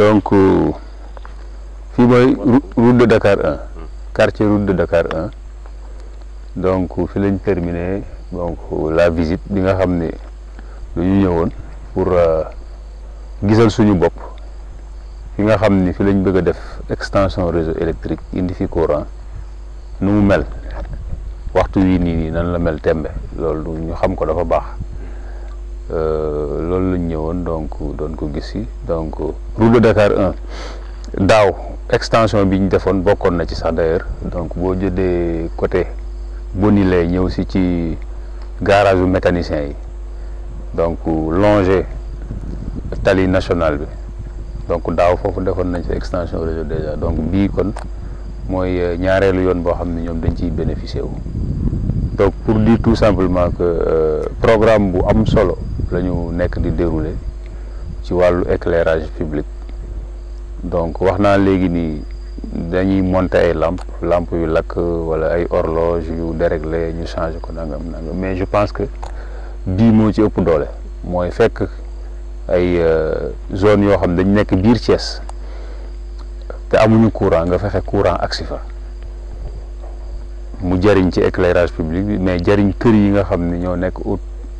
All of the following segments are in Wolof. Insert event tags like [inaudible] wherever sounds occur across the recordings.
donc euh, fii mooy route de Dakar 1 quartier route de Dakar 1 donc fi lañ terminé donc la visite bi nga xam ne dañu ñëwoon pour euh, gisal suñu bopp fi nga xam ni fi lañ bëgg a def extension réseau électrique indi fi courant nu mu mel waxtu wii nii nii nan la mel tembe loolu ñu xam ko dafa baax Euh, loolu lañ ñëwoon donc doon ko gis si donc route de Dakar 1 daaw extension bi ñu defoon bokkoon na ci sax d'ailleurs donc boo jëlee côté Bonilay ñëw si ci garage mécanicien yi donc longer tali nationale bi donc daaw foofu defoon nañ ci extension réseau déjà donc bii kon mooy euh, ñaareelu yoon boo xam ne ñoom dañ ciy bénéficier wu donc pour dire tout simplement que euh, programme bu am solo lañu nekk di dérouler ci wàllu éclairage public donc wax naa léegi nii dañuy monter ay làmp làmp yu lakk wala ay horloge yu déréglé ñu changé ko nangam nangam mais je pense que bii moo ci ëpp doole mooy fekk ay euh, zone yoo xam dañ nekk biir Thiès te amuñu courant nga fexe courant agsi fa mu jëriñ ci éclairage public bi mais jëriñ kër yi nga xam ne ñoo nekk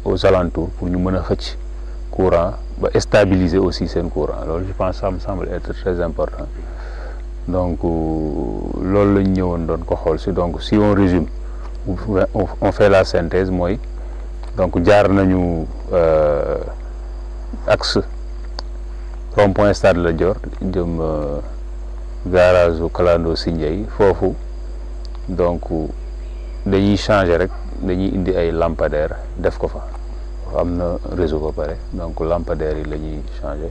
aux alentours pour ñu mën a xëcc courant ba estabiliser aussi seen courant loolu je pense ça me semble très important donc euh, loolu lañ ñëwoon doon ko xool si donc si on résume on fait la synthèse mooy donc jaar nañu euh, axe rond-point Stade Lat Dior jëm euh, garage Kalando Sindiaye foofu donc dañuy changer rek dañuy indi ay lampadaire def ko fa am na réseau ba pare donc lampadaires yi la ñuy changé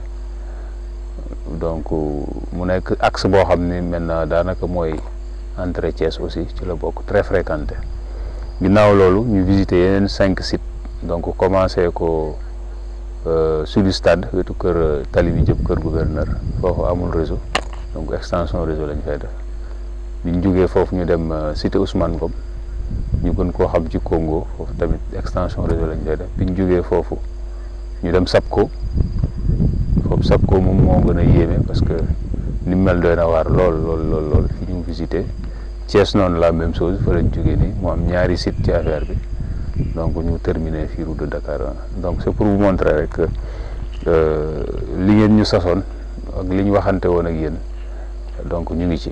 donc mu nekk axe boo xam ni maintenant daanaka mooy entrée Thiès aussi ci la bokk très fréquenté ginnaaw loolu ñu visité yeneen cinq sites donc commencé ko euh, sud du stade wetu kër euh, talibi bi kër gouverneur foofu amul réseau donc extension réseau lañ fay def bi ñu jógee foofu ñu dem euh, cité Ousmane Ngom ñu gën koo xam ci Congo foofu tamit extension réseau lañ koy def bi ñu jógee foofu ñu dem ko foofu SAPCO moom moo gën a yéeme parce que ni mel doy na waar lool lool lool lool fi ñu visité Thiès noonu la même chose fa lañ jógee nii moo am ñaari site ci affaire bi donc ñu terminé fii route de donc c'est pour vous montrer rek euh, li ngeen ñu sasoon ak li ñu waxante woon ak yéen donc ñu ngi ci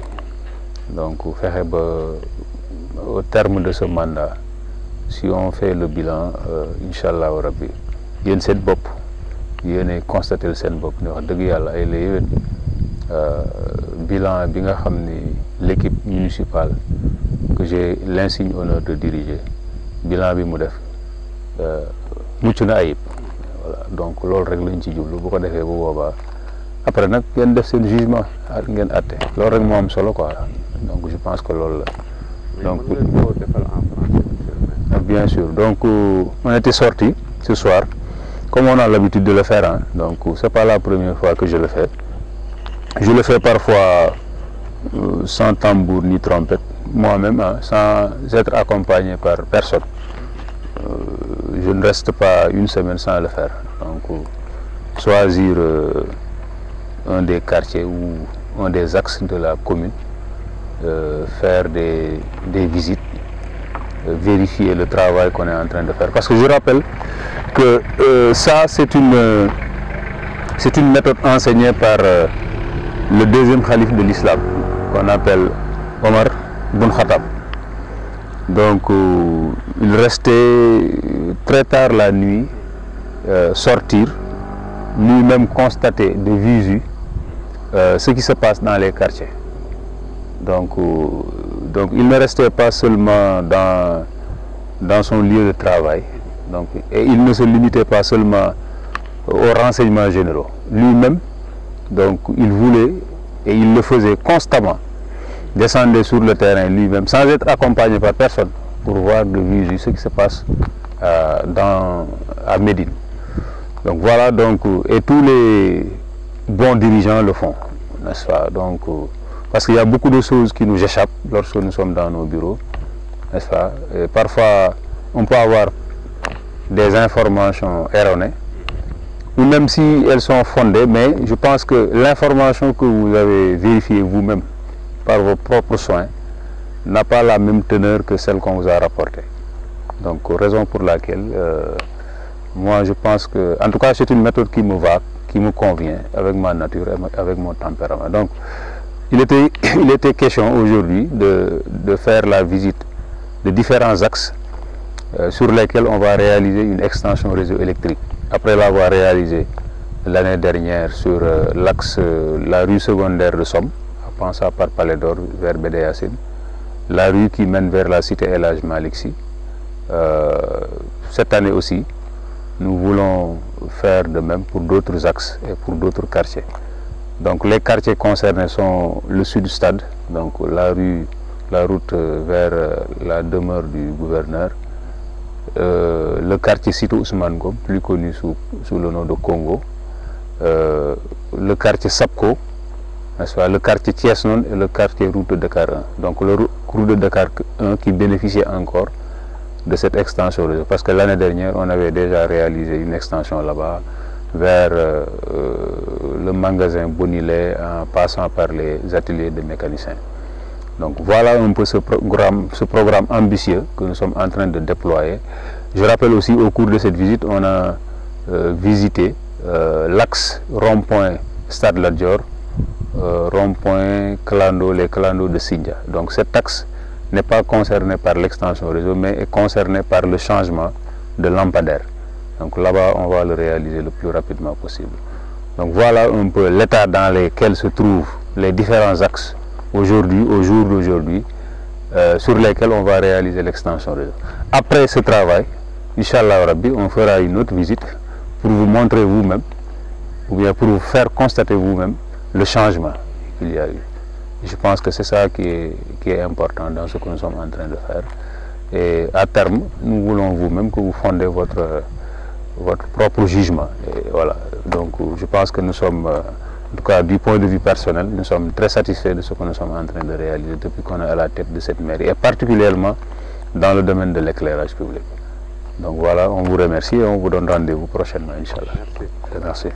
donc fexe ba. au terme de ce mandat si on fait le bilan euh, incha allahu rabbi yéen seen bopp yéenay constaté seen bopp ni wax dëgg yàlla ay la yéwén euh, bilan bi nga xam ni l'équipe municipale que j'ai l'insigne honneur de diriger bilan bi mu def euh, mucc na ayib voilà donc loolu rek lañ ci jublu bu ko defee bu boobaa après nag ngeen def seen jugement ngeen àtte loolu rek moom solo ko donc je pense que loolu la donc ah, bien sûr donc euh, on était sorti ce soir comme on a l'habitude de le faire hein, donc euh, c'est pas la première fois que je le fais je le fais parfois euh, sans tambour ni trompette moi-même hein, sans être accompagné par personne euh, je ne reste pas une semaine sans le faire donc choisir euh, un des quartiers ou un des axes de la commune euh, faire des, des visites, euh, vérifier le travail qu'on est en train de faire. Parce que je rappelle que euh, ça, c'est une, euh, c'est une méthode enseignée par euh, le deuxième calife de l'islam, qu'on appelle Omar Ibn Khattab. il restait très tard la nuit, sortir, lui-même constater de visu ce qui se passe dans les quartiers. Donc, euh, donc il ne restait pas seulement dans, dans son lieu de travail, donc, et il ne se limitait pas seulement aux renseignements généraux. Lui-même, donc il voulait, et il le faisait constamment, descendre sur le terrain lui-même, sans être accompagné par personne, pour voir de visu ce qui se passe euh, dans, à Médine. Donc voilà, donc, et tous les bons dirigeants le font, n'est-ce pas donc, euh, parce qu'il y a beaucoup de choses qui nous échappent lorsque nous sommes dans nos bureaux, nest pas Parfois, on peut avoir des informations erronées, ou même si elles sont fondées, mais je pense que l'information que vous avez vérifiée vous-même par vos propres soins n'a pas la même teneur que celle qu'on vous a rapportée. Donc, raison pour laquelle, euh, moi, je pense que, en tout cas, c'est une méthode qui me va, qui me convient avec ma nature, avec mon tempérament. Il était, [coughs] il était question aujourd'hui de, de, faire la visite de différents axes euh, sur lesquels on va réaliser une extension réseau électrique. Après l'avoir réalisé l'année dernière sur euh, l'axe, euh, la rue secondaire de Somme, à Pensa par Palais d'Or vers Bédéacine, la rue qui mène vers la cité Elage Malixi. Euh, cette année aussi, nous voulons faire de même pour d'autres axes et pour d'autres quartiers. Donc les quartiers concernés sont le sud du stade, donc la rue, la route euh, vers euh, la demeure du gouverneur, euh, le quartier Sito Ousmane Gom, plus connu sous, sous, le nom de Congo, euh, le quartier Sapco, le quartier Thiesnon et le quartier Route de Dakar 1. Donc le Route de Dakar 1 qui bénéficiait encore de cette extension, parce que l'année dernière, on avait déjà réalisé une extension là-bas, vers euh, euh, le magasin Bonilé en passant par les ateliers de mécaniciens. Donc voilà un peu ce programme, ce programme ambitieux que nous sommes en train de déployer. Je rappelle aussi au cours de cette visite, on a euh, visité euh, l'axe rond-point Stade Ladior, euh, rond-point Clando, les Clando de Sindia. Donc cet axe n'est pas concerné par l'extension réseau, mais est concerné par le changement de lampadaire. Donc là-bas, on va le réaliser le plus rapidement possible. Donc voilà un peu l'état dans lequel se trouvent les différents axes aujourd'hui, au jour d'aujourd'hui, euh, sur lesquels on va réaliser l'extension réseau. Après ce travail, Inch'Allah Rabbi, on fera une autre visite pour vous montrer vous-même, ou bien pour vous faire constater vous-même le changement qu'il y a eu. Je pense que c'est ça qui est, important dans ce que nous sommes en train de à terme, nous voulons votre propre jugement. Et voilà. Donc je pense que nous sommes, euh, en tout cas du point de vue personnel, nous sommes très satisfaits de ce que nous sommes en train de réaliser depuis qu'on est à la tête de cette mairie, et particulièrement dans le domaine de l'éclairage public. Donc voilà, on vous remercie et on vous donne rendez-vous prochainement, Inch'Allah. Merci.